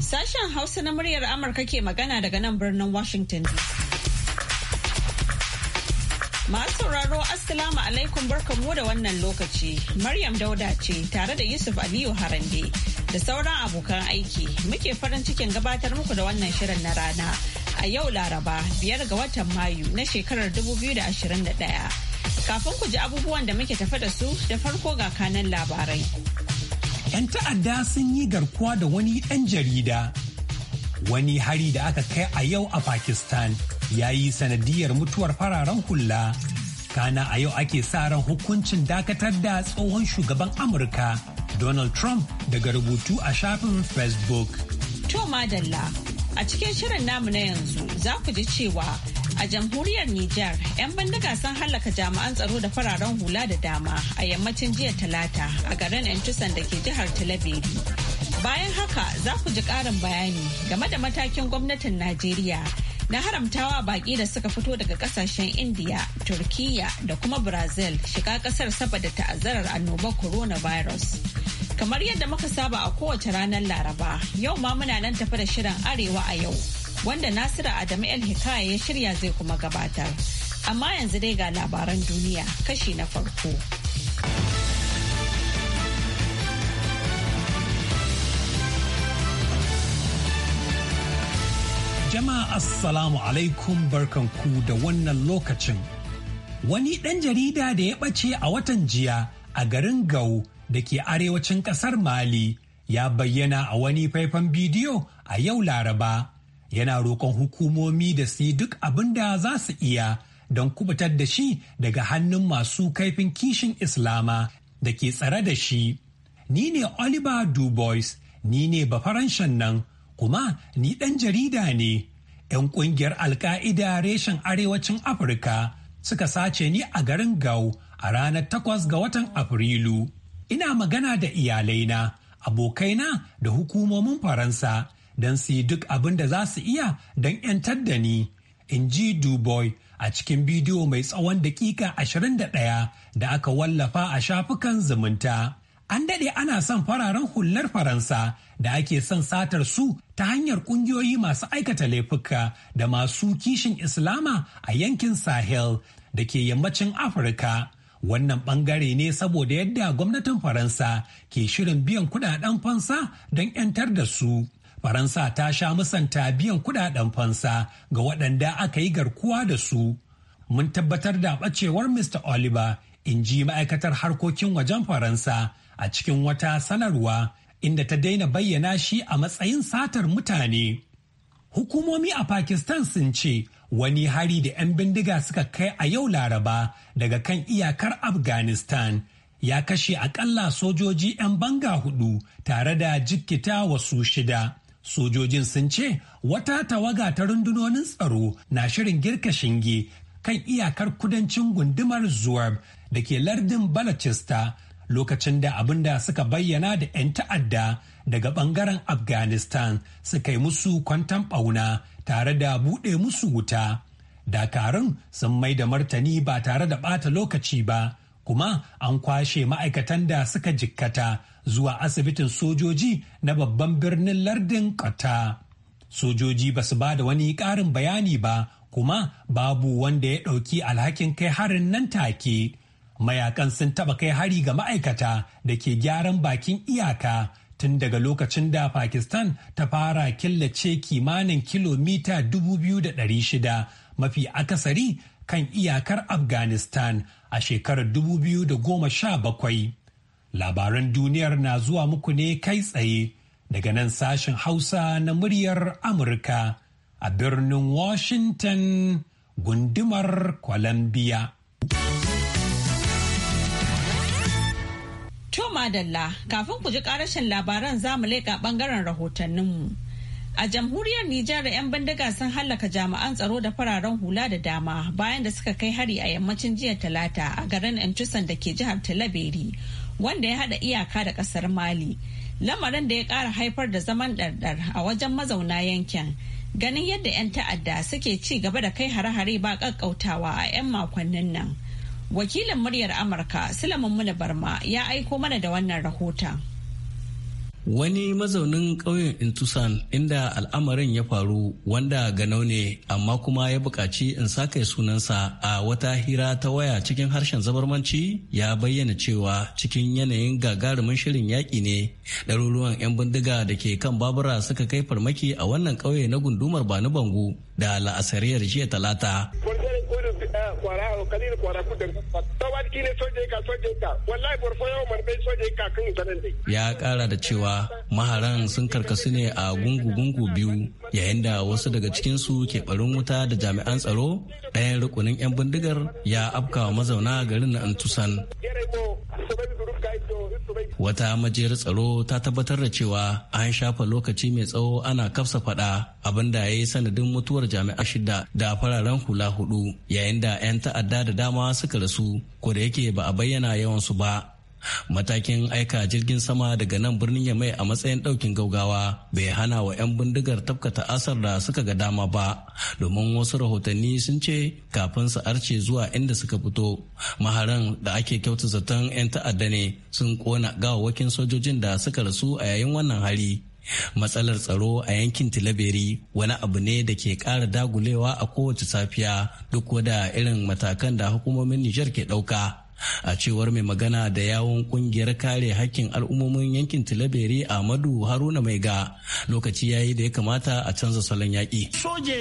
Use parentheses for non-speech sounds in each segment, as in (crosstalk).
Sashen Hausa na muryar Amurka ke magana daga nan birnin Washington. Masu sauraro Assalamu alaikum barkamu da wannan lokaci. Maryam Dauda ce tare da Yusuf Aliyu Harande da sauran abokan aiki muke farin cikin gabatar muku da wannan shirin na rana. a yau Laraba biyar ga watan Mayu na shekarar 2021. Kafin ku ji abubuwan da muke tafe da su da farko ga kanan labarai. 'Yan ta'adda sun yi garkuwa da wani ɗan jarida. Wani hari da aka kai a yau a Pakistan ya yi sanadiyar mutuwar fararen hula. Kana a yau ake sa ran hukuncin dakatar da tsohon shugaban Amurka Donald Trump daga rubutu a shafin Facebook. To madalla A cikin shirin namu na yanzu za ku ji cewa a jamhuriyar Nijar 'yan bindiga sun hallaka jami'an tsaro da fararen hula da dama a yammacin jiya talata a garin Entusan da ke jihar Talabiri. Bayan haka za ku ji ƙarin bayani game da matakin gwamnatin Najeriya na haramtawa baƙi da suka fito daga ƙasashen Indiya, Turkiya da kuma Brazil shiga ƙasar saboda ta'azzarar annobar coronavirus. Kamar yadda muka saba a kowace ranar Laraba, yau ma muna nan tafi da shirin Arewa a yau, wanda Nasiru Adamu El Hikaya ya shirya zai kuma gabatar. Amma yanzu dai ga labaran duniya kashi na farko. Jama'a Assalamu alaikum barkanku da wannan lokacin. Wani ɗan jarida da ya ɓace a watan jiya a garin gau da ke arewacin kasar Mali ya bayyana a wani faifan bidiyo a yau Laraba. Yana roƙon hukumomi da su yi duk abin da za su iya don kubutar da shi daga hannun masu kaifin kishin Islama da ke tsare da shi. Ni ne Oliver Dubois, ni ne bafaranshan nan, kuma ni ɗan jarida ne. 'Yan ƙungiyar Alka'ida reshen arewacin Afirka suka sace ni a garin Gau a ranar takwas ga watan Afrilu. ina magana da iyalaina abokaina da hukumomin faransa don su yi duk abin da za su iya don 'yantar da ni in ji duboy a cikin bidiyo mai tsawon daƙiƙa 21 da aka wallafa a shafukan zumunta an daɗe ana son fararen hular faransa da ake son satar su ta hanyar ƙungiyoyi masu aikata laifuka da masu kishin islama a yankin sahel da ke yammacin afirka Wannan bangare ne saboda yadda gwamnatin Faransa ke shirin biyan kudaden fansa don 'yantar da su. Faransa ta sha musanta biyan kudaden fansa ga waɗanda aka yi garkuwa da su. Mun tabbatar da ɓacewar Mr. Oliver, in ji ma'aikatar harkokin wajen Faransa a cikin wata sanarwa inda ta daina bayyana shi a matsayin satar mutane. Hukumomi a Pakistan sun ce wani hari da 'yan bindiga suka kai a yau Laraba daga kan iyakar Afghanistan ya kashe akalla sojoji 'yan banga hudu tare da jikita wasu shida. Sojojin sun ce wata tawaga ta rundunonin tsaro na shirin girka shinge kan iyakar kudancin gundumar Zuwab da ke lardin Balachista lokacin da abin da suka bayyana da 'yan ta'adda daga bangaren afghanistan suka yi musu kwantan ɓauna tare da buɗe musu wuta dakarun sun mai da martani ba tare da ɓata lokaci ba kuma an kwashe ma'aikatan da suka jikkata zuwa asibitin sojoji na babban birnin lardin kata sojoji ba su ba da wani ƙarin bayani ba kuma babu wanda ya ɗauki alhakin kai harin nan take mayakan sun taba kai hari ga ma'aikata da ke gyaran bakin iyaka tun daga lokacin da pakistan ta fara killace kimanin kilomita 2,600 mafi akasari kan iyakar afghanistan a shekarar 2017 labaran duniyar na zuwa muku ne kai tsaye daga nan sashen hausa na muryar amurka a birnin washington gundumar columbia To madalla kafin ku ji karashin labaran za mu leƙa ɓangaren rahotanninmu. A jamhuriyar Nijar 'yan bindiga sun hallaka jami'an tsaro da fararen hula da dama bayan da suka kai hari a yammacin jiya talata a garin intusan da ke jihar Talaberi wanda ya haɗa iyaka da ƙasar Mali. Lamarin da ya ƙara haifar da zaman ɗarɗar a wajen mazauna yankin. Ganin yadda 'yan ta'adda suke ci gaba da kai hare-hare ba ƙaƙƙautawa a 'yan makonnin nan. Wakilin muryar Amurka Sulaiman Muna Barma ya aiko mana da wannan rahoton. Wani mazaunin ƙauyen Intusan inda al'amarin ya faru wanda ganau ne amma kuma ya buƙaci in sake sunansa a wata hira ta waya cikin harshen zabarmanci ya bayyana cewa cikin yanayin gagarumin shirin yaƙi ne ɗaruruwan 'yan bindiga da ke kan babura suka kai farmaki a wannan ƙauye na gundumar Bani Bangu da la'asariyar jiya talata. kwara ya kara da cewa maharan sun karkasu ne a gungu gungu biyu yayin da wasu daga cikin su ke barin wuta da jami'an tsaro ɗayan rukunin yan bindigar ya afkawa mazauna garin na Antusan. wata majiyar tsaro ta tabbatar da cewa an shafa lokaci mai tsawo ana kafsa fada abinda ya yi sanadin mutuwar jami'a shida da fararen hula hudu yayin da 'yan ta'adda da dama suka rasu ko da yake ba a bayyana yawansu ba matakin aika jirgin sama daga nan birnin yamai a matsayin daukin gaugawa bai hana wa 'yan bindigar tafkata asar da suka ga dama ba domin wasu rahotanni sun ce kafin su arce zuwa inda suka fito maharan da ake kyauta zaton 'yan ta'adda ne sun kona gawawakin sojojin da suka rasu a yayin wannan hari matsalar tsaro a yankin tilaberi wani abu ne da ke ƙara dagulewa a kowace safiya duk wada irin matakan da hukumomin nijar ke ɗauka a cewar mai magana da yawon kungiyar kare hakkin al'ummomin yankin tilaberi amadu haruna mai ga lokaci yayi da ya kamata a canza salon yaƙi soje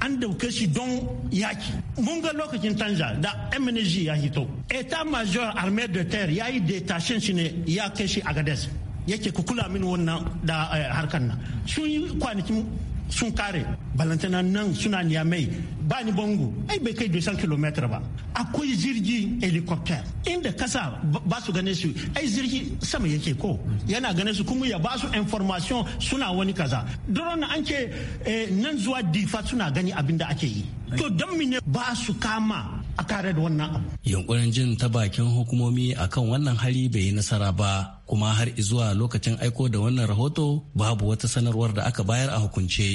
an dauke shi don yaki mun ga lokacin tanja da mng ya hito eta major armée de terre ya yi detashen shi ne ya kai shi agades yake ku kula min wannan da eh, harkar nan sun yi kwanakin sun kare balantana nan suna niyamai bani ni bango ai bai kai 200 km ba akwai jirgi helicopter inda kasa ba su gane su ai jirgi sama yake ko yana gane su kuma ya ba su information suna wani kaza drone an ce eh, nan zuwa difa suna gani abin da ake yi to don mine ba su kama a tare da wannan abu yunkurin jin ta bakin hukumomi akan wannan hali bai yi nasara ba kuma har zuwa lokacin aiko da wannan rahoto babu wata sanarwar da aka bayar a hukunce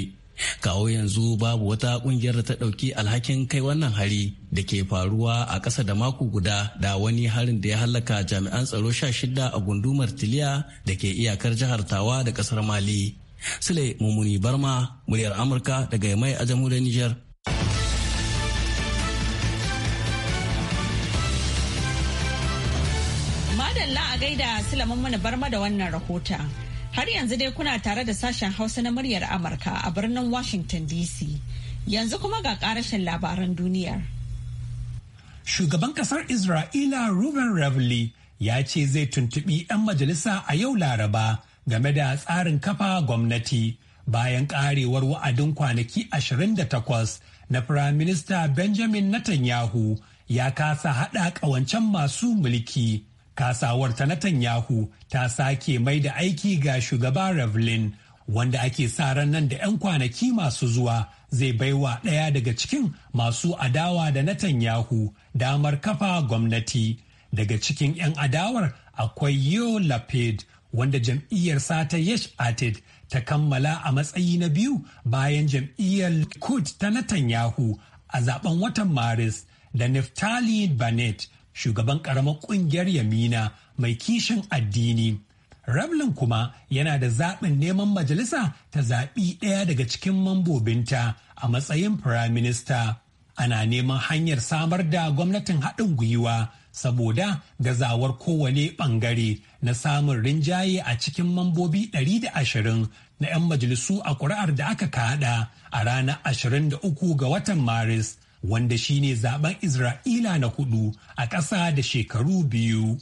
kawo yanzu babu wata kungiyar ta ɗauki alhakin kai wannan hari da ke faruwa a ƙasa da mako guda da wani harin da ya hallaka jami'an tsaro sha shida a gundumar tiliya da ke iyakar jihar tawa da ƙasar mali sule mummuni barma muryar amurka daga mai a jamhuriyar niger madalla a gaida sule mummuni barma da wannan rahoton Har yanzu dai kuna tare da sashen Hausa na muryar Amurka a birnin Washington DC. Yanzu kuma ga karashin labaran duniyar. Shugaban ƙasar Isra'ila Ruben Rivlin ya ce zai tuntuɓi 'yan majalisa a yau Laraba game da tsarin kafa gwamnati bayan ƙarewar wa'adin kwanaki 28 na Firaminista Benjamin Netanyahu ya kasa haɗa ƙawancen masu mulki. Kasawar ta Netanyahu ta sake mai da aiki ga shugaba Revlin wanda ake sa ran nan da 'yan kwanaki masu zuwa zai baiwa ɗaya daga cikin masu adawa da Netanyahu damar kafa gwamnati. Daga cikin 'yan adawar akwai Yo Lapid wanda jam'iyyar ta Yesh Atid ta kammala a matsayi na biyu bayan jam'iyyar Likud ta Netanyahu a zaben watan Maris da Naftali Bennett shugaban ƙaramar ƙungiyar Yamina mai kishin addini. Ramlin kuma yana da zaɓin neman majalisa ta zaɓi ɗaya daga cikin mambobinta a matsayin firaminista. Ana neman hanyar samar da gwamnatin haɗin gwiwa saboda gazawar kowane ɓangare na samun rinjaye a cikin mambobi 120 na 'yan majalisu a ƙuri'ar da aka kaɗa a ranar 23 ga watan Maris wanda shine zaben Isra'ila na hudu a ƙasa da shekaru biyu.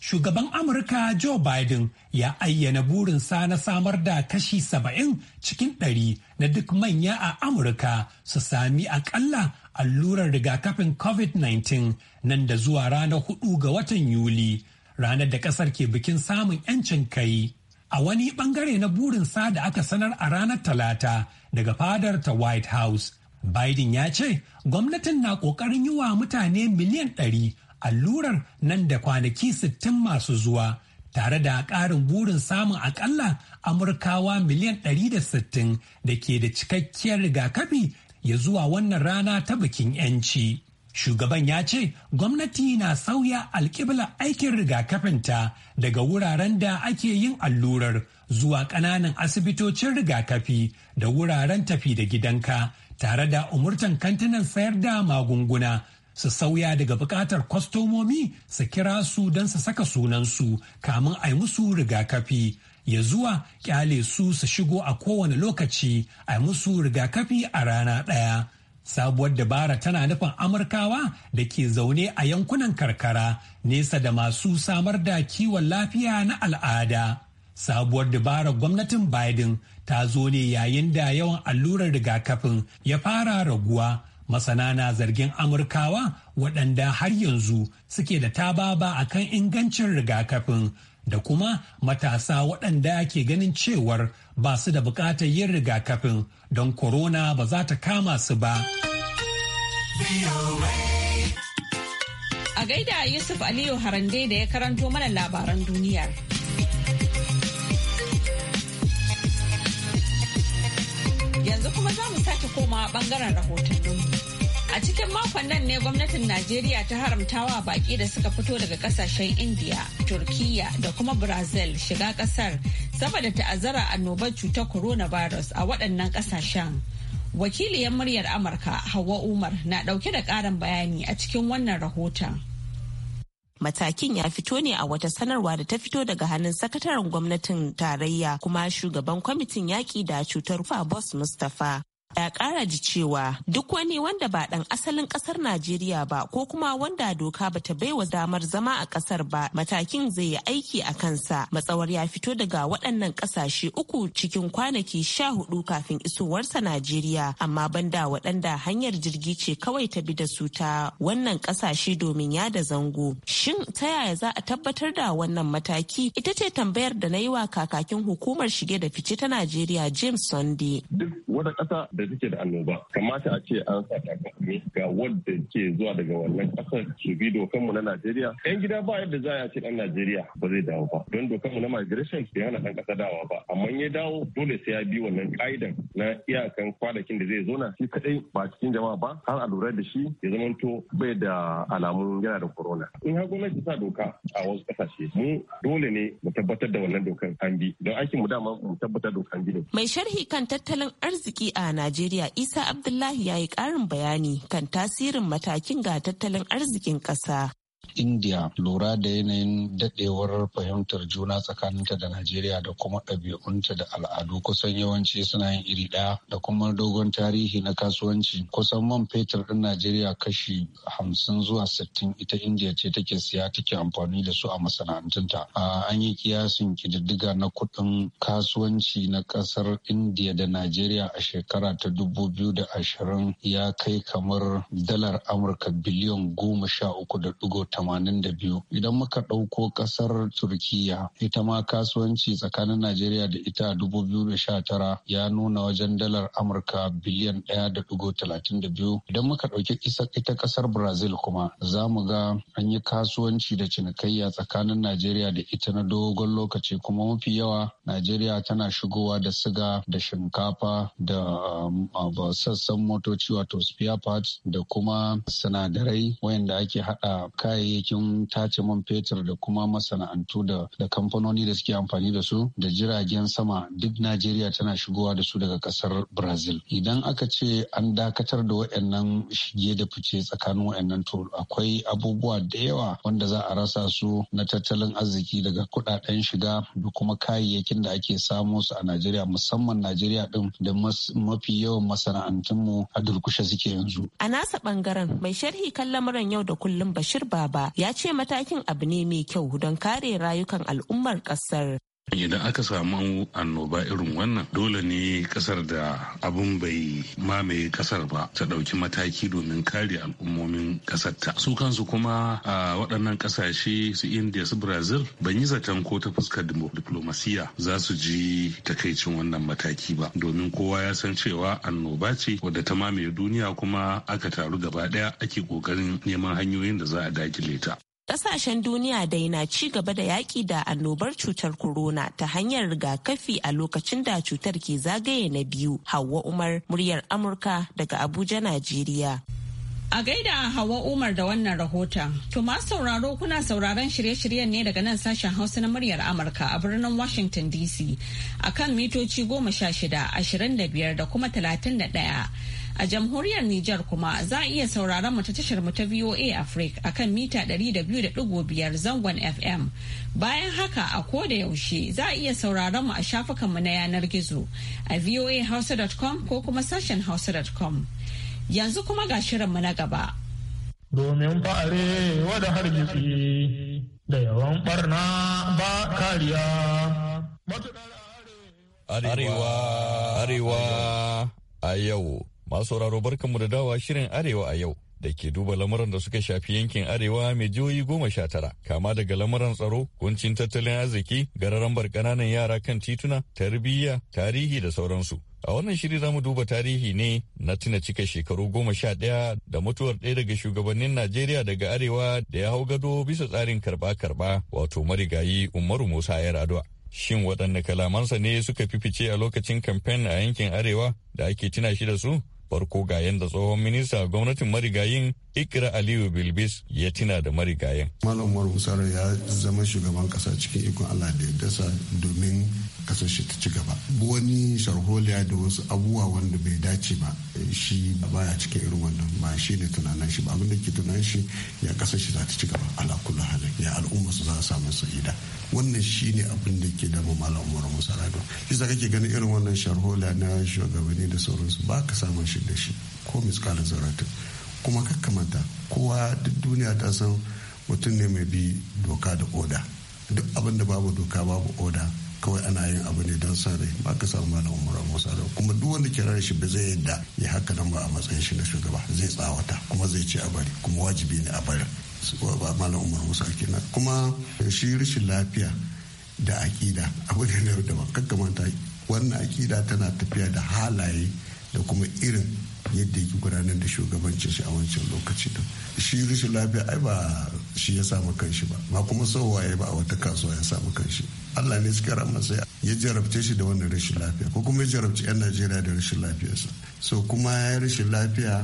Shugaban Amurka Joe Biden ya ayyana burinsa na samar da kashi saba'in cikin ɗari na duk manya a Amurka su sami aƙalla allurar rigakafin COVID-19 nan da zuwa ranar hudu ga watan Yuli, ranar da ƙasar ke bikin samun 'yancin kai. a wani ɓangare na burinsa da aka sanar a ranar talata daga fadar ta white house Biden ya ce gwamnatin na ƙoƙarin yi wa mutane miliyan ɗari allurar nan da kwanaki sittin masu zuwa tare da ƙarin burin samun akalla Amurkawa miliyan ɗari da sittin da ke da cikakkiyar rigakafi ya zuwa wannan rana ta bikin 'yanci. Shugaban ya ce gwamnati na sauya alƙiblar aikin rigakafinta daga wuraren da ake yin allurar zuwa ƙananan asibitocin rigakafi da wuraren tafi da gidanka tare da umurtan kantinan sayar da magunguna su sauya daga bukatar kwastomomi su kira su don su saka sunansu kamun a yi musu rigakafi ya zuwa kyale su su shigo a kowane lokaci a yi musu rigakafi a rana ɗaya. sabuwar dabara tana nufin amurkawa da ke zaune a yankunan karkara nesa da masu samar da kiwon lafiya na al'ada sabuwar dabarar gwamnatin biden ta zo ne yayin da yawan allurar rigakafin ya fara raguwa masana na zargin amurkawa waɗanda har yanzu suke da tababa a kan ingancin rigakafin da kuma matasa waɗanda ke ganin cewar ba su da buƙatar yin rigakafin don korona ba za ta kama su ba. A gaida Yusuf Aliyu Harande da ya karanto mana labaran duniya. yanzu kuma za mu sake komawa bangaren rahotanninmu. A cikin makon nan ne gwamnatin Najeriya ta haramtawa baƙi da suka fito daga kasashen India, Turkiyya da kuma Brazil shiga kasar saboda ta'azzara annobar cutar coronavirus a waɗannan ƙasashen. Wakiliyar muryar Amurka Hauwa Umar na ɗauke da ƙarin bayani a cikin wannan rahoton. Matakin ya fito ne a wata sanarwa da ta fito daga hannun sakataren gwamnatin tarayya kuma shugaban kwamitin yaƙi da cutar bos Mustapha. ya kara ji cewa duk wani wanda ba dan asalin kasar najeriya ba ko kuma wanda doka bata baiwa damar zama a kasar ba matakin zai yi aiki a kansa matsawar ya fito daga waɗannan ƙasashe uku cikin kwanaki sha hudu kafin isowarsa najeriya amma banda waɗanda hanyar jirgi ce kawai ta bi da su ta wannan ƙasashe domin ya da zango shin ta yaya za a tabbatar da wannan mataki ita ce tambayar da na yi wa kakakin hukumar shige da fice ta najeriya james sunday da take da annoba kamata a ce an sa takunkumi ga wadda ke zuwa daga wannan kasar su bi mu na Najeriya yan gida ba yadda za a ce dan Najeriya ba zai dawo ba don dokanmu na migration bai hana dan kasa dawa ba amma ya dawo dole sai ya bi wannan ka'idan na iyakan kwanakin da zai zo na. shi kadai ba cikin jama'a ba har a lura da shi ya zamanto bai da alamun yana da corona in har gwamnati sa doka a wasu kasashe mu dole ne mu tabbatar da wannan dokan an bi don aikin mu dama mu tabbatar dokan bi ne mai sharhi kan tattalin arziki a Najeriya Najeriya Isa Abdullahi ya yi ƙarin bayani kan tasirin matakin ga tattalin arzikin ƙasa. India lura da yanayin dadewar fahimtar juna tsakaninta da Najeriya da kuma ɗabi'unta da al'adu kusan yawanci suna yin iri ɗaya da kuma dogon tarihi na kasuwanci kusan man fetur ɗin Najeriya kashi hamsin zuwa sittin ita India ce take siya take amfani da su a masana'antunta. An yi kiyasin kididdiga na kuɗin kasuwanci na ƙasar India da Najeriya a shekara ta dubu biyu da ashirin ya kai kamar dalar Amurka biliyon goma sha uku da ɗigo biyu. Idan muka ɗauko ƙasar Turkiya ita ma kasuwanci tsakanin Najeriya da ita a tara ya nuna wajen dalar Amurka biliyan ɗaya da talatin da biyu. Idan muka ɗauki ita ƙasar Brazil kuma za mu ga an yi kasuwanci da cinikayya tsakanin Najeriya da ita na dogon lokaci kuma mafi yawa Najeriya tana shigowa da siga da shinkafa da um, sassan motoci wato spare parts da kuma sinadarai wayanda ake haɗa kai kayayyakin tace man fetur da kuma masana'antu da kamfanoni da suke amfani da su da jiragen sama duk najeriya tana shigowa da su daga kasar brazil idan aka ce an dakatar da waɗannan shige da fice tsakanin waɗannan to akwai abubuwa da yawa wanda za a rasa su na tattalin arziki daga kuɗaɗen shiga da kuma kayayyakin da ake samu su a najeriya musamman najeriya din da mafi yawan masana'antunmu a durkushe suke yanzu a nasa ɓangaren mai sharhi kan lamuran yau da kullum bashir baba ya ce matakin abu ne mai kyau don kare rayukan al'ummar kasar idan aka samu annoba irin wannan dole ne kasar da abun bai mamaye kasar ba ta ɗauki mataki domin kare al'ummomin kasar ta su kansu kuma a waɗannan ƙasashe su india su brazil ban yi zaton ko ta fuskar diplomasiya za su ji takaicin wannan mataki ba domin kowa ya san cewa annoba ce wadda ta mamaye duniya kuma aka taru gaba ɗaya ake ƙoƙarin neman hanyoyin da za a dakile ta Ƙasashen duniya dai na ci gaba da yaƙi da annobar cutar corona ta hanyar rigakafi a lokacin da cutar ke zagaye na biyu. Hauwa Umar, muryar Amurka daga Abuja, Najeriya. A gaida Hawa Umar da wannan rahoton. To masu sauraro kuna sauraron shirye-shiryen ne daga nan sashen Hausa na muryar Amurka a birnin Washington DC a kan mitoci goma sha shida, ashirin da biyar da kuma talatin da ɗaya. A jamhuriyar Nijar kuma za a iya sauraron ta tashar mu ta VOA Africa akan mita 200.5 zangon FM. Bayan haka a koda yaushe za a iya sauraron mu a shafukan mu na yanar gizo a voahausa.com ko kuma sashen hausa.com. Yanzu kuma ga shirin mu na gaba. Domin fa'are wada hargitsi da yawan barna ba kariya. Arewa, arewa, a yau. Masu sauraro barkanmu da dawa shirin Arewa a yau da ke duba lamuran da suka shafi yankin Arewa mai jihohi goma sha tara, kama daga lamuran tsaro, kuncin tattalin arziki, gararambar ƙananan yara kan tituna, tarbiyya, tarihi da sauransu. A wannan shiri za mu duba tarihi ne na tuna cika shekaru goma sha ɗaya da mutuwar ɗaya daga shugabannin Najeriya daga Arewa da ya hau gado bisa tsarin karɓa-karɓa wato marigayi Umaru Musa Yar'adua. Shin waɗanne kalamansa ne suka fi fice a lokacin kamfen a yankin Arewa da ake tuna shi da su? farko ga yadda tsohon minista gwamnatin marigayin ikira aliyu bilbis ya tina da marigayin malam umar musaro ya zama shugaban kasa cikin ikon allah da ya dasa domin kasar shi ta ci gaba wani sharholiya da wasu abubuwa wanda bai dace ba shi baya cikin irin wannan ba shi ne tunanin shi ba abin ke tunanin shi ya kasar shi za ta ci gaba ala kullu halin ya al'umma su za su samu sa'ida wannan shi ne abin da ke damu malam umar musa rado isa kake ganin irin wannan sharhola na shugabanni da sauransu ba ka samun shi da shi ko miskalin zaratu kuma kakkamanta kowa duk duniya ta san mutum ne mai bi doka da oda duk abin da babu doka babu oda kawai ana yin abu ne don sare rai ba ka samu malam umar musa da kuma duk wanda kira shi ba zai yadda ya haka nan ba a matsayin shi na shugaba zai tsawata kuma zai ce a bari kuma wajibi ne a bari ba malam umar musa kenan kuma shi rashin lafiya da akida abu ne na daban kakkamanta wannan akida tana tafiya da halaye da kuma irin yadda yake gudanar da shugabancin shi a wancan lokaci da shi rashin lafiya ai ba shi ya samu kanshi ba ba kuma ya ba a wata kasuwa ya samu kanshi Allah ne suka rama sai ya jarabce shi da wannan rashin lafiya ko kuma ya jarabci yan Najeriya da rashin lafiyarsa so kuma ya rashin lafiya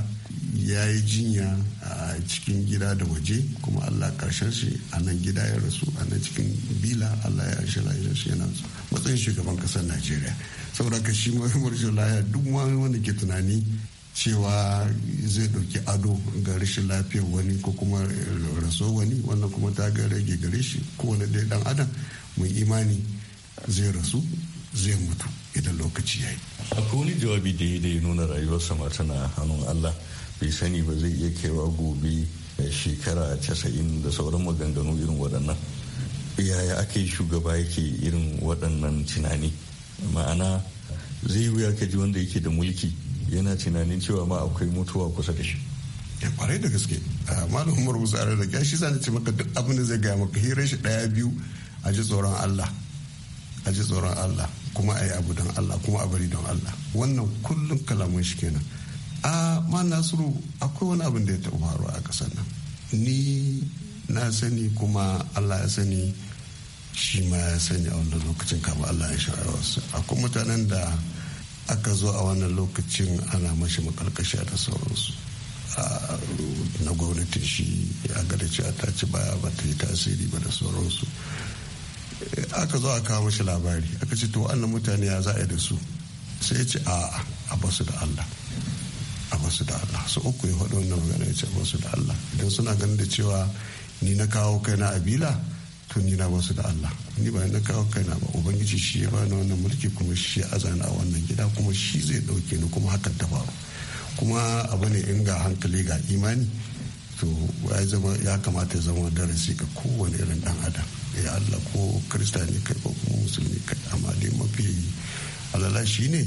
ya yi jinya a cikin gida da waje kuma allah karshen shi a nan gida ya rasu a nan cikin bila allah ya arshe shi yana matsayin shugaban kasar najeriya saboda ka shi marashin lafiya duk wanda ke tunani cewa zai ɗauki ado ga rashin lafiyar wani ko kuma raso wani wannan kuma ta ga rage gare shi ko wani dai dan adam mai imani zai rasu zai mutu idan lokaci ya yi. Akwai wani jawabi da ya nuna rayuwar ma tana hannun Allah bai sani ba zai iya kewa gobe shekara casa'in da sauran maganganu irin waɗannan yaya aka yi shugaba yake irin waɗannan tunani ma'ana zai wuya ka ji wanda yake da mulki yana tunanin cewa ma akwai mutuwa kusa da shi ya kwarai da gaske malam umar musa da gashi za ci ce maka duk abin da zai gaya maka hirar shi daya biyu a ji tsoron allah a ji tsoron allah kuma a yi abu don allah kuma a bari don allah wannan kullum kalaman shi kenan a ma nasiru akwai wani abin da ya taɓa faru a ƙasar nan ni na sani kuma allah ya sani shi ma ya sani a wannan lokacin kama allah ya shawara wasu akwai mutanen da aka zo a wannan lokacin ana mashi makarkashiya da sauransu na gwamnatin shi ya gada cewa ta ci baya ba ta yi tasiri ba da sauransu eh, aka zo a kawo mashi labari aka ce to wannan mutane ya za'a da su sai ya ce a a basu da allah masu da Allah su uku ya faɗi wannan magana ya ce masu da Allah idan suna ganin da cewa ni na kawo kaina a bila to ni na basu da Allah ni ba na kawo kaina ba ubangiji shi ya bani wannan mulki kuma shi ya azana a wannan gida kuma shi zai ɗauke ni kuma hakan ta faru kuma abu ne in ga hankali ga imani to ya kamata ya zama darasi ga kowane irin dan adam ya Allah ko krista ne kai ko kuma musulmi kai amma dai mafi alala shi ne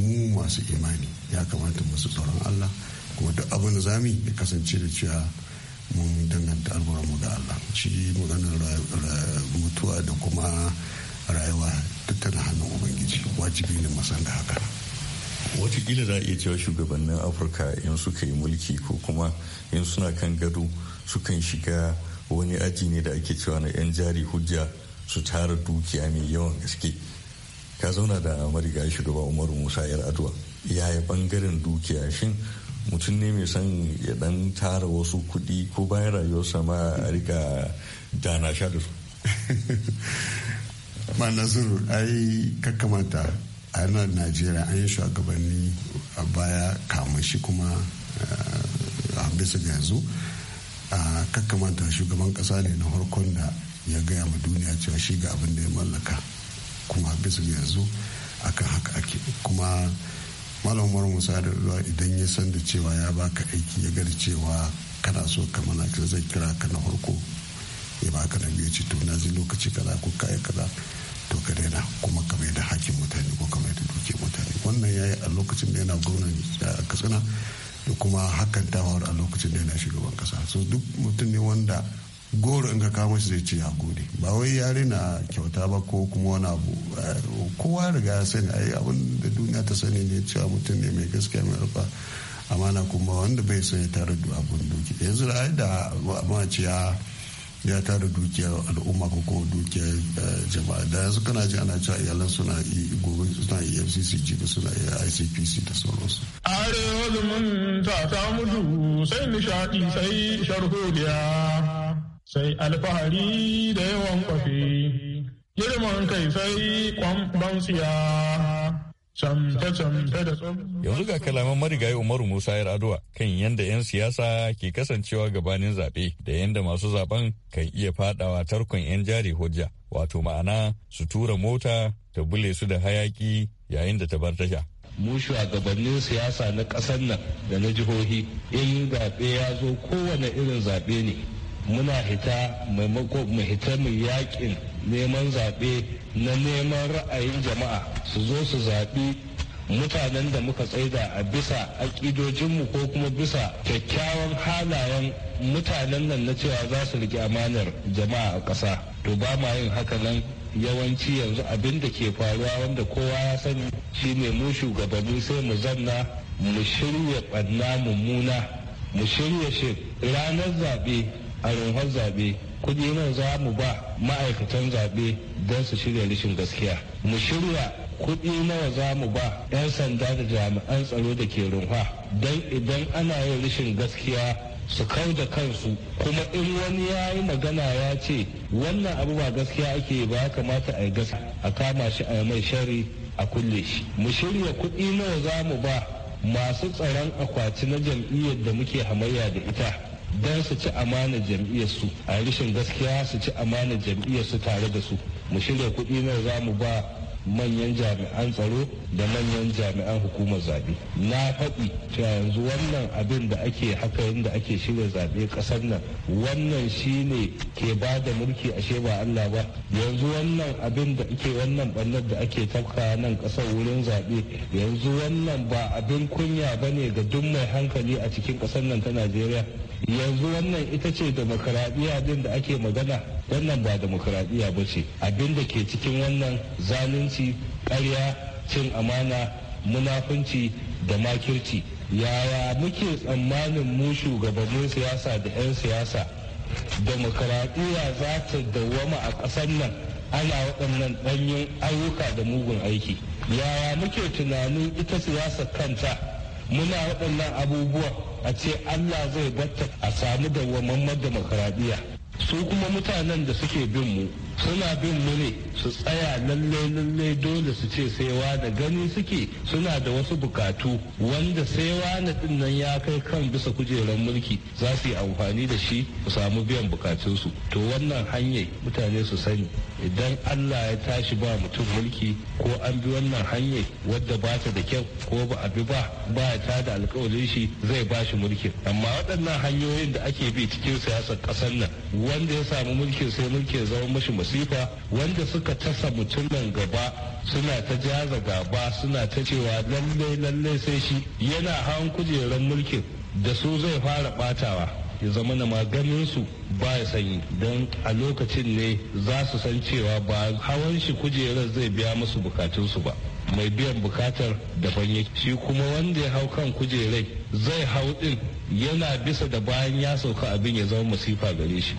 mu masu imani ya kamata masu tsoron allah kuma duk abin da zami ya kasance da cewa mun danganta al'amuranmu ga allah shi maganar mutuwa da kuma rayuwa duk tana hannun ubangiji wajibi ne masan da haka watakila za a iya cewa shugabannin afirka in suka yi mulki ko kuma in suna kan gado sukan shiga wani aji ne da ake cewa na 'yan jari hujja su tara dukiya mai yawan gaske ka zauna da mariga shugaba umaru musa yar aduwa yaya bangaren dukiya shin mutum ne mai son ya dan tara wasu kuɗi ko bayan rayuwarsa ma a rika dana sha da su (laughs) ma nasiru ai kakamata a yana najeriya an yi shugabanni a baya kamun shi kuma eh, a bisa ga yanzu a kakamata shugaban kasa ne na harkon da ya gaya ma duniya cewa shi ga abin da ya mallaka kuma bisa ga yanzu akan haka ake kuma malam umar musa da ruwa idan ya san da cewa ya baka aiki ya gari cewa kana so ka mana ka zai kira ka na farko ya baka na biyu ce to na zai lokaci kaza ko kai kaza to ka daina kuma ka mai da hakkin mutane ko ka mai da duke mutane wannan ya yi a lokacin da yana gwamnan katsina da kuma hakan ta a lokacin da yana shugaban kasa so duk mutum ne wanda goro in ka kama shi zai ce ya gode ba wai yare na kyauta ba ko kuma wani abu kowa riga ya sani ai abin da duniya ta sani ne cewa mutum ne mai gaskiya mai rufa amana kuma wanda bai san ya tara abin duki yanzu da ai da ce ya ya tara dukiyar al'umma ko kuma dukiyar eh, jama'a da yanzu kana ji ana cewa iyalan suna gobe suna efcc jibi suna icpc da sauransu. arewa zumunta ta mutu sai nishaɗi sai sharholiya sai alfahari da yawan kwafi girman kai sai kwamban Yanzu ga kalaman marigayi Umaru Musa Yar'adua kan yadda 'yan siyasa ke kasancewa gabanin zaɓe da yadda masu zaben kan iya fadawa tarkon 'yan jari hujja, wato ma'ana su tura mota ta bule su da hayaki yayin da ta bar tasha. mu shugabannin siyasa na ƙasar nan da na jihohi in zaɓe ya zo kowane irin zaɓe ne muna hita maimako mu hita yakin neman zaɓe na neman ra'ayin jama'a su zo su zaɓi mutanen da muka tsaida a bisa aƙidojinmu ko kuma bisa kyakkyawan halayen mutanen nan na cewa za su riƙe amanar jama'a a ƙasa to ba ma yin haka nan yawanci yanzu abin da ke faruwa wanda kowa ya sani ne mu shugabanni sai mu zanna mu shirya ɓanna mummuna mu shirya shi ranar zaɓe a rohon zaɓe kuɗi nan za mu ba ma'aikatan zaɓe don su shirya rashin gaskiya mu shirya kuɗi nawa za mu ba 'yan sanda da jami'an tsaro da ke rumfa don idan ana yin rashin gaskiya su kau da kansu kuma in wani ya yi magana ya ce wannan abu ba gaskiya ake ba ya kamata a yi gasa a kama shi a mai shari a kulle shi mu shirya kuɗi nawa za mu ba masu tsaron akwati na jam'iyyar da muke hamayya da ita don su ci amana jam'iyyar a rishin gaskiya su ci amana jam'iyyar su tare da su mu shirya kuɗi na za mu ba manyan jami'an tsaro da manyan jami'an hukumar zaɓe na faɗi cewa yanzu wannan abin da ake haka yadda ake shirya zaɓe ƙasar nan wannan shine ke ba da mulki ashe ba Allah ba yanzu wannan abin da ake wannan ɓannar da ake tafka nan ƙasar wurin zaɓe yanzu wannan ba abin kunya ba ne ga duk mai hankali a cikin ƙasar nan ta Najeriya yanzu wannan ita ce demokaradiyya din da ake magana wannan ba demokaradiyya ba ce abinda ke cikin wannan zalunci karya cin amana munafunci da makirci yaya muke tsammanin mu shugabannin siyasa da 'yan siyasa demokaradiyya za ta dawwama a ƙasar nan ana waɗannan ɗanyen ayyuka da mugun aiki yaya muke tunanin ita siyasa kanta muna waɗannan abubuwa a ce allah zai batta a sami dawwamman demokaradiyya su kuma mutanen da suke bin mu suna bin mu ne su tsaya lalle lalle dole su ce saiwa da gani suke suna da wasu bukatu wanda saiwa na dinnan ya kai kan bisa kujerar mulki za su yi amfani da shi su samu biyan bukatunsu to wannan hanyar mutane su sani idan allah ya tashi ba mutum mulki ko an bi wannan hanyar wadda ba ta da kyau ko ba a bi ba ba ya da alkawarin shi zai ba shi mulkin amma waɗannan hanyoyin da ake bi cikin siyasar ƙasar nan wanda ya samu mulkin sai mulkin zama mashi masifa wanda suka tasa mutum nan gaba suna ta jaza gaba suna ta cewa lalle lalle sai shi yana hawan kujerar mulkin da su zai fara batawa ya zama na maganin su ba ya sanyi don a lokacin ne za su san cewa ba hawan shi kujerar zai biya musu bukatunsu ba mai biyan bukatar daban yake shi kuma wanda ya hau kan kujerai zai hau din yana bisa da bayan ya sauka abin ya zama masifa gare shi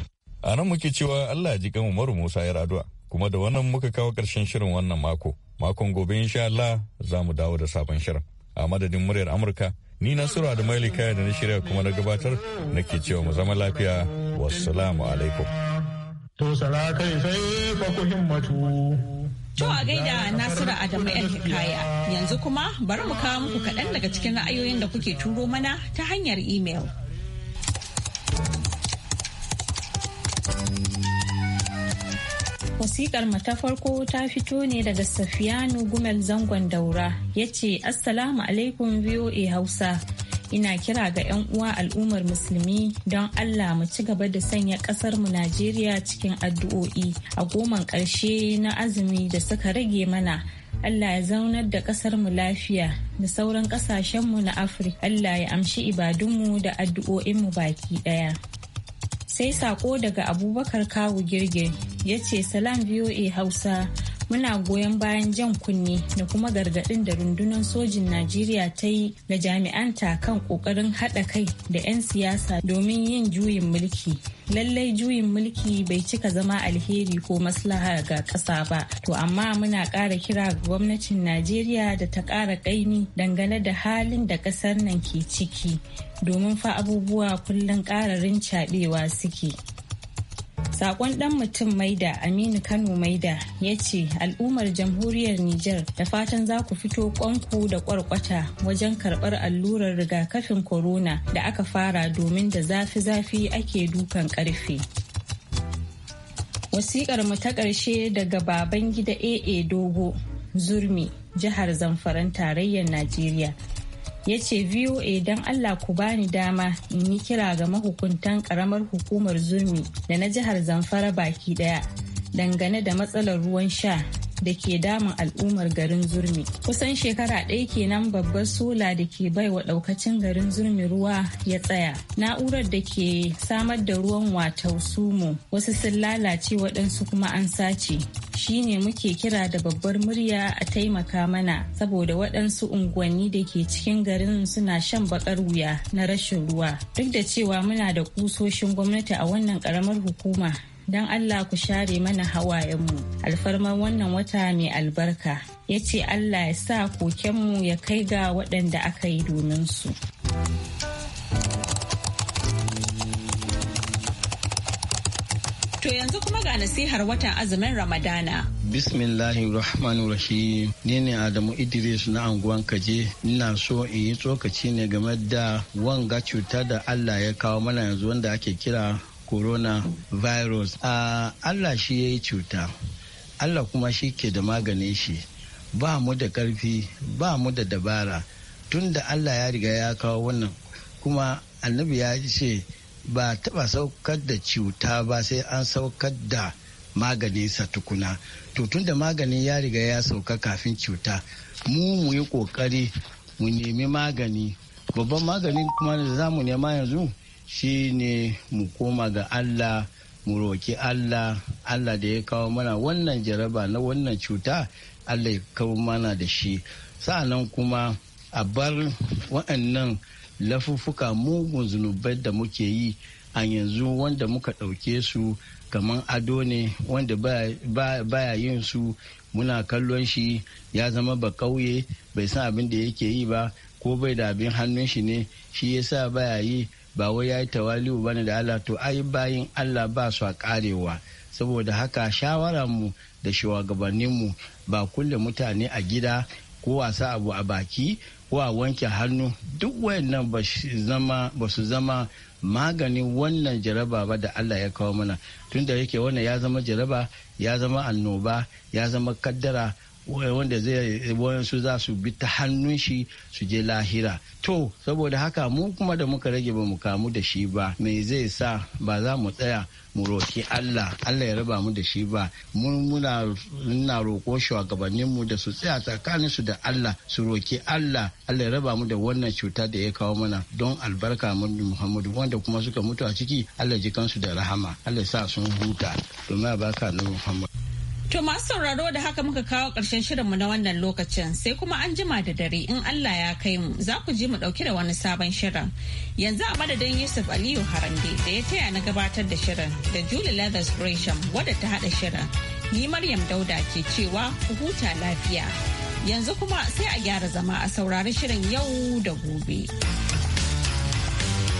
A nan muke cewa Allah ji kan Umaru Musa ya raduwa. Kuma da wannan muka kawo ƙarshen shirin wannan mako. Makon gobe insha Allah za mu dawo da sabon shirin. A madadin muryar Amurka, ni na Sura da Kaya da na shirya kuma na gabatar nake cewa mu zama lafiya. Wassalamu alaikum. To sala kai sai fa ku himmatu. To a gaida Nasiru Adamu yan Hikaya yanzu kuma bari mu kawo muku kaɗan daga cikin ra'ayoyin da kuke turo mana ta hanyar imel. Wasikar mu ta farko ta fito ne daga Safiyanu Gumel Zangon Daura ya ce Assalamu alaikum VOA Hausa. Ina kira ga 'yan uwa al'ummar musulmi don Allah mu ci gaba da sanya ƙasar mu Najeriya cikin addu'o'i a goman ƙarshe na azumi da suka rage mana. Allah ya zaunar da ƙasar mu lafiya da sauran ƙasashenmu na Afirka. Allah ya amshi ibadunmu da addu'o'inmu baki ɗaya. sai sako daga abubakar kawu girgir ya ce salam voa hausa muna goyon bayan jan kunne da kuma gargaɗin da rundunar sojin najeriya ta yi ga jami'anta kan ƙoƙarin haɗa kai da 'yan siyasa domin yin juyin mulki lallai juyin mulki bai cika zama alheri ko maslaha ga ƙasa ba to amma muna ƙara kira ga gwamnatin najeriya da ta ƙara ƙaimi dangane da halin da ƙasar nan ke ciki domin fa abubuwa kullum ƙararin caɓewa suke Sakon ɗan mutum Maida Aminu Kano Maida ya ce al'ummar jamhuriyar Nijar da fatan za ku fito kwanku da kwarkwata wajen karɓar allurar rigakafin corona da aka fara domin da zafi-zafi ake dukan ƙarfe. Wasiƙar mu ta ƙarshe daga baban gida AA Dogo Zurmi jihar Zamfaran tarayyar Najeriya ya ce VOA don Allah ku bani dama in yi kira ga mahukuntan karamar hukumar zurmi da na jihar Zamfara baki daya dangane da matsalar ruwan sha da ke damun al'ummar garin zurmi kusan shekara ɗaya kenan babbar sola da ke bai wa ɗaukacin garin zurmi ruwa ya tsaya na'urar da ke samar da ruwan watau sumo wasu sun lalace waɗansu kuma an sace Shi ne muke kira da babbar murya a taimaka mana saboda waɗansu unguwanni da ke cikin garin suna shan baƙar wuya na rashin ruwa duk da cewa muna da kusoshin gwamnati a wannan ƙaramar hukuma don Allah ku share mana hawayenmu alfarman wannan wata mai albarka ya ce Allah ya sa kokenmu ya kai ga waɗanda aka yi domin su. To yanzu kuma ga nasihar watan azumin Ramadana. Bismillahi Rahmanu Rahim ni ne Adamu Idris na anguwan Kaje ina so in yi tsokaci ne game da wanga cutar da Allah ya kawo mana yanzu wanda ake kira corona virus a ah, allah shi ya yi cuta allah kuma shi ke da maganin shi ba mu da karfi ba mu da dabara tunda allah ya riga ya kawo wannan kuma annabi ya ce ba taba saukar da cuta ba sai an saukar da sa tukuna to tunda maganin ya riga ya sauka kafin cuta mu mu yi kokari mu nemi magani babban maganin kuma da za mu nema yanzu Shi ne mu koma ga Allah mu roki Allah Allah da ya kawo mana wannan jaraba na wannan cuta Allah ya kawo mana da shi sa'annan kuma a bar wa'annan lafufuka mugun zunubai da muke yi a yanzu wanda muka ɗauke su kamar ado ne wanda baya yin su muna kallon shi ya zama ba kauye bai san abin da yake yi ba ko bai da abin hannun shi ne shi yasa baya yi ba wai ya yi tawali'u bane da Allah to ai bayin Allah ba su a karewa saboda haka shawararmu da shugabanninmu ba kulle mutane a gida ko wasa abu a baki ko a wanke hannu duk wayannan ba su zama maganin wannan jaraba ba da Allah ya kawo mana tunda yake wannan ya zama jaraba ya zama annoba ya zama kaddara wanda zai wayansu za su bi ta hannun shi su je lahira to saboda haka mu kuma da muka rage ba mu kamu da shi ba me zai sa ba za mu tsaya mu roki Allah Allah ya raba mu da shi ba mu muna na roƙo shugabannin mu da su tsaya tsakanin su da Allah su roki Allah Allah ya raba mu da wannan cuta da ya kawo mana don albarka Muhammadu wanda kuma suka mutu a ciki Allah ji kansu da rahama Allah ya sa sun huta domin albarka na Muhammadu To masu sauraro da haka muka kawo ƙarshen shirinmu na wannan lokacin sai kuma an jima da dare in Allah ya kai mu za ku ji mu ɗauki da wani sabon shirin. Yanzu a madadin Yusuf Aliyu Harande da ya taya na gabatar da shirin da Julie Leathers Gresham wadda ta haɗa shirin. Ni Maryam Dauda ke cewa ku huta lafiya. Yanzu kuma sai a gyara zama a saurari shirin yau da gobe.